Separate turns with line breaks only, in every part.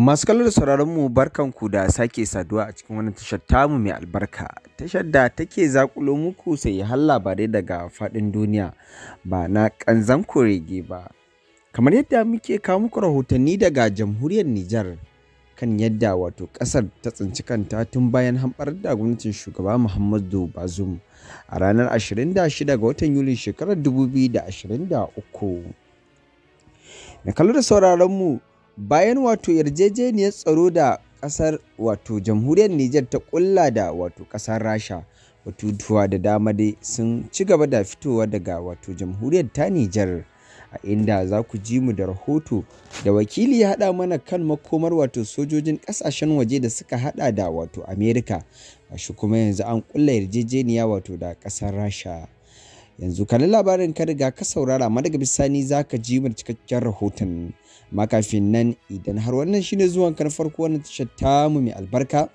Masu kallon da sauraron mu barkanku da sake saduwa a cikin wani tashar tamu mai albarka. Tashar da take zakulo muku sai har labarai daga faɗin duniya ba na ƙanzan kurege ba. Kamar yadda muke kawo muku rahotanni daga jamhuriyar Nijar kan yadda wato ƙasar ta tsinci kanta tun bayan hamɓar da gwamnatin shugaba Muhammadu Bazum a ranar 26 ga watan Yuli shekarar 2023. Na kallon da sauraron mu bayan wato yarjejeniyar tsaro da kasar wato jamhuriyar Nijar ta kulla da wato kasar Rasha batutuwa da dama dai sun ci gaba da fitowa daga wato jamhuriyar ta Nijar a inda za ku ji mu da rahoto da wakili ya haɗa mana kan makomar wato sojojin ƙasashen waje da suka haɗa da wato Amerika shi kuma yanzu an kulla yarjejeniya wato da ƙasar Rasha. yanzu kanin labarin ka riga ka saurara ma daga bisani za ka ji mana cikakken rahoton makafin nan idan har wannan shine zuwan kan farko wannan tashar tamu mai albarka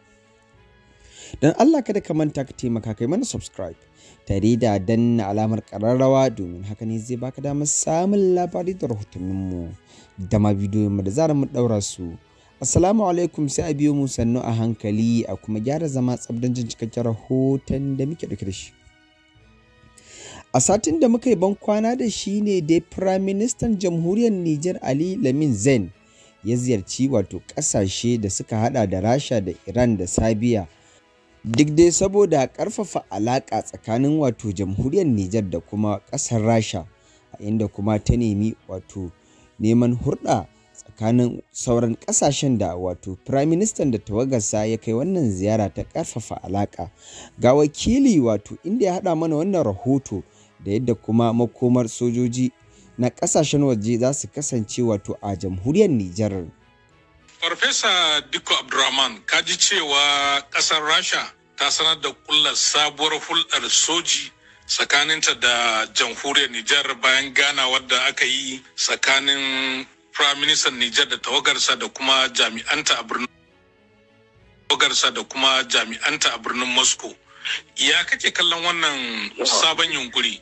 don Allah kada ka manta ka taimaka kai mana subscribe tare da danna alamar kararrawa domin haka ne zai baka damar samun labari da rahotanninmu da ma bidiyon mu da zarar mu daura su assalamu alaikum sai a biyo mu sannu a hankali a kuma gyara zama tsabdan jin cikakken rahoton da muke dauke da shi A satin da muka yi ban kwana da shi ne dai Firaministan Jamhuriyar Nijar Ali Lamin Zain ya ziyarci wato ƙasashe da suka hada da Rasha da Iran da Sabiya. Duk dai saboda ƙarfafa alaƙa tsakanin wato Jamhuriyar Nijar da kuma ƙasar Rasha, a inda kuma ta nemi wato neman hurɗa tsakanin sauran ƙasashen da wato Firaministan da tawagarsa ya kai wannan ziyara ta ƙarfafa alaƙa. Ga wakili wato inda ya haɗa mana wannan rahoto. da yadda kuma makomar sojoji na kasashen waje za su kasance wato a jamhuriyar Nijar.
Farfesa diko Abdurrahman ka ji cewa kasar Rasha ta sanar da kullar sabuwar hulɗar soji tsakaninta da jamhuriyar Nijar bayan ganawar da aka yi tsakanin Firaministan Nijar da tawagarsa da kuma jami'anta a birnin tawagarsa da kuma jami'anta a birnin Moscow. Ya kake kallon wannan sabon yunkuri?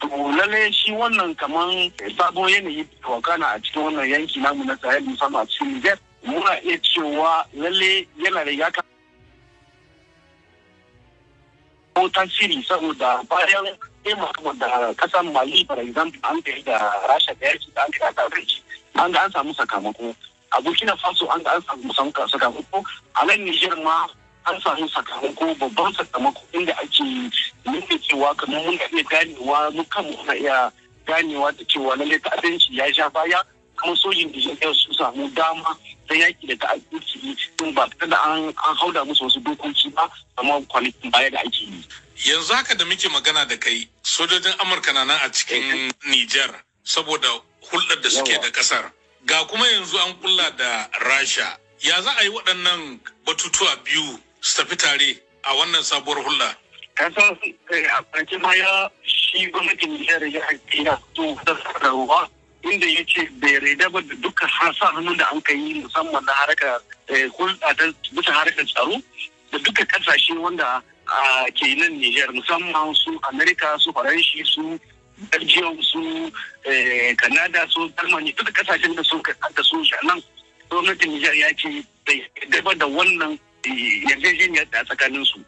to lalle shi wannan kaman eh, sabon yanayi na a cikin wannan yanki namu na sahel musamman a cikin niger muna iya cewa lalle yana da ya ko tasiri saboda bayan taimakawa da kasan mali for example an kai da rasha da yaki da an kai da abinci an ga an samu sakamako a burkina faso an ga an samu sakamako a nan niger ma an samu sakamako babban sakamako inda ake cewa kamar mun iya ganewa mu kan mu iya ganewa da cewa lallai abinci ya sha baya kuma sojin da su samu dama ta yaki da ta'addanci din ba ta da an hauda musu wasu dokoki ba amma kwanakin baya da ake yi.
Yanzu haka da muke magana da kai sojojin Amurka na nan a cikin eh, eh. Nijar saboda hulɗar da suke da kasar Ga kuma yanzu an kulla da Rasha. Ya za a yi waɗannan batutuwa biyu su tafi tare a wannan sabuwar hulɗa? ka san a shi gwamnatin ya ya
fito da sanarwa inda ya ce bai raida ba da dukkan hasa hannun da an ka yi musamman na harkar hulɗa ta bisa harkar tsaro da duka kasashe wanda ke nan Nijar musamman su Amerika su Faranshi su Belgium su Canada su Germany duka kasashen da sun da shi nan gwamnatin Nijar ya ce bai raida da wannan da tsakanin su.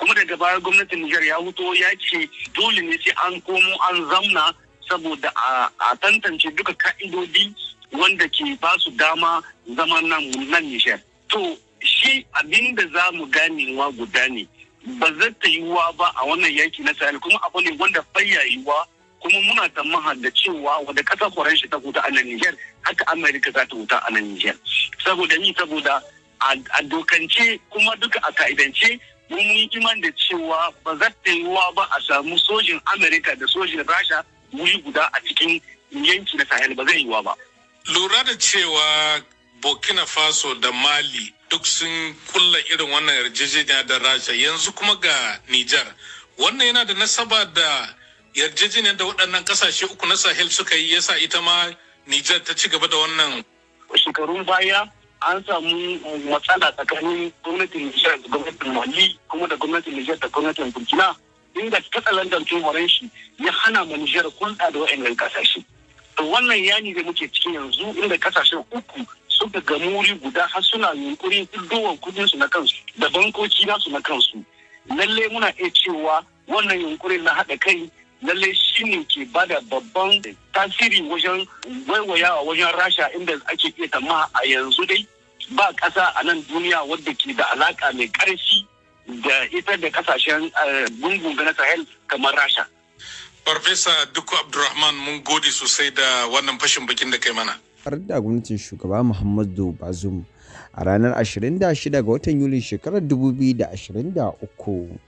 kuma daga baya gwamnatin Nijar ya wuto ya ce dole ne sai an komo an zamna saboda a tantance duka ka'idodi wanda ke ba su dama zaman nan nan Nijar. To shi abin da za mu ganewa guda ne ba zai ta yiwuwa ba a wannan yaki na Sahel kuma abu ne wanda bayya yiwuwa kuma muna tamaha da cewa wadda ƙasa koren shi ta huta a nan Nijar haka Amerika za ta huta a nan Nijar. Saboda ni saboda a dokance kuma duka a ka'idance mun yi iman da cewa ba za ta yi wa ba a samu sojin amerika da sojin rasha wuri guda a cikin yanki na sahel ba zai yi wa ba
lura da cewa burkina faso da mali duk sun kulla irin wannan yarjejeniya da rasha yanzu kuma ga nijar wannan yana da nasaba da yarjejeniyar da waɗannan ƙasashe uku na sahel suka yi yasa ita ma nijar ta ci gaba da wannan shekarun baya an
samu matsala tsakanin gwamnatin
Nijar da gwamnatin Mali kuma da gwamnatin
Nijar da gwamnatin Burkina inda katsalandan tumoren shi ya hana ma Nijar kulɗa da wa'annan kasashe. To wannan yani da muke cikin yanzu inda kasashen uku suka ga muri guda har suna yunkurin kudowan kudin su na kansu da bankoki nasu na kansu. Lalle muna iya cewa wannan yunkurin na haɗa kai lallai shi ne ke ba da babban tasiri wajen waiwayawa wajen rasha inda ake iya tamma a yanzu dai ba ƙasa a nan duniya wadda ke da alaƙa mai ƙarfi da ita da
ƙasashen eh, gungun na sahel kamar rasha. farfesa duku abdulrahman mun gode sosai da wannan fashin bakin da kai mana.
har da gwamnatin shugaba muhammadu bazum a ranar 26 ga watan yuli shekarar 2023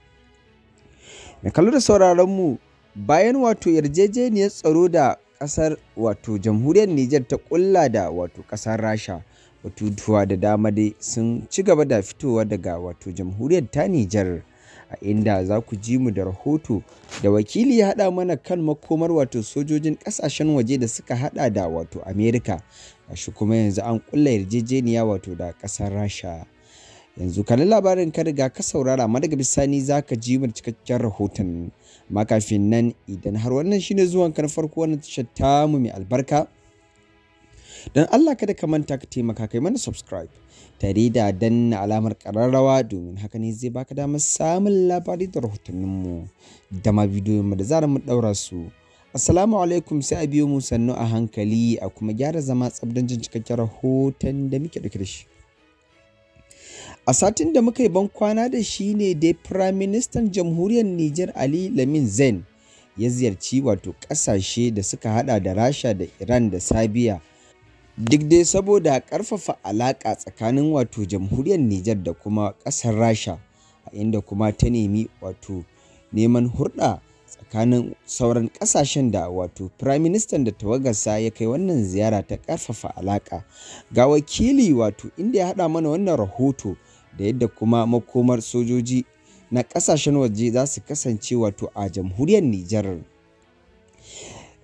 na kallo da sauraronmu mu bayan wato yarjejeniyar tsaro da kasar wato jamhuriyar Nijar ta kulla da wato kasar Rasha batutuwa da dama dai sun ci gaba da fitowa daga wato jamhuriyar ta Nijar a inda za ku ji mu da rahoto da wakili ya haɗa mana kan makomar wato sojojin ƙasashen waje da suka haɗa da wato Amerika shi kuma yanzu an kulla yarjejeniya wato da ƙasar Rasha. yanzu kanin labarin ka riga ka saurara ma daga bisani za ka ji mu cikakken rahoton makafin nan idan har wannan shine zuwan kan farko wannan tashar mu mai albarka don Allah kada ka manta ka taimaka kai mana subscribe tare da danna alamar kararrawa domin haka ne zai baka damar samun labari da rahotanninmu da ma bidiyon mu da za mu daura su Assalamu alaikum sai a biyo mu sannu a hankali a kuma gyara zama tsabdan jin cikakken rahoton da muke dauke da shi A satin da muka yi ban kwana da shi ne dai Prime Minister Jamhuriyar Nijar Ali Lamin Zain ya ziyarci wato ƙasashe da suka hada da Rasha da Iran da Sabiya. Duk dai saboda ƙarfafa alaƙa tsakanin wato Jamhuriyar Nijar da kuma ƙasar Rasha, a inda kuma ta nemi wato neman hurɗa tsakanin sauran ƙasashen da wato Prime Minister da tawagarsa ya kai wannan ziyara ta ƙarfafa alaƙa. Ga wakili wato inda ya haɗa mana wannan rahoto. da yadda kuma makomar sojoji na kasashen waje za su kasance wato a jamhuriyar Nijar.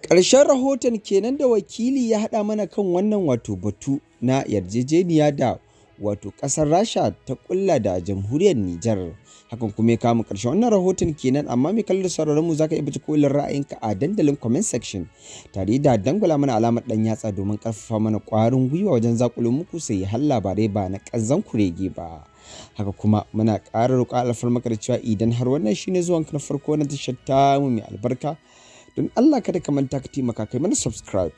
Ƙarshen rahoton kenan da wakili ya haɗa mana kan wannan wato batu na yarjejeniya da wato ƙasar rasha ta kulla da jamhuriyar nijar hakan kuma ya kama karshe wannan rahoton kenan amma mai kallon sauraron mu zaka iya baje kolin ra'ayinka a dandalin comment section tare da dangula mana alamar dan yatsa domin ƙarfafa mana ƙwarin gwiwa wajen zakulun muku sai har labarai ba na ƙanzan kurege ba haka kuma muna ƙara roƙa alfarmaka cewa idan har wannan shine zuwan na farko na tashar ta mu mai albarka don Allah kada ka manta ka taimaka kai mana subscribe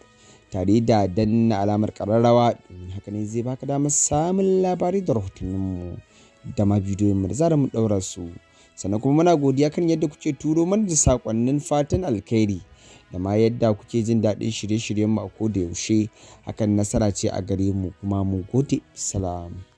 tare da danna alamar kararrawa domin haka ne zai baka damar samun labari da rahotanninmu da ma bidiyoyinmu da zara mu ɗaura su sannan kuma muna godiya kan yadda kuke turo mana da sakonnin fatan alkhairi da ma yadda kuke jin daɗin shirye-shiryenmu a ko da yaushe hakan nasara ce a gare mu kuma mu gode salam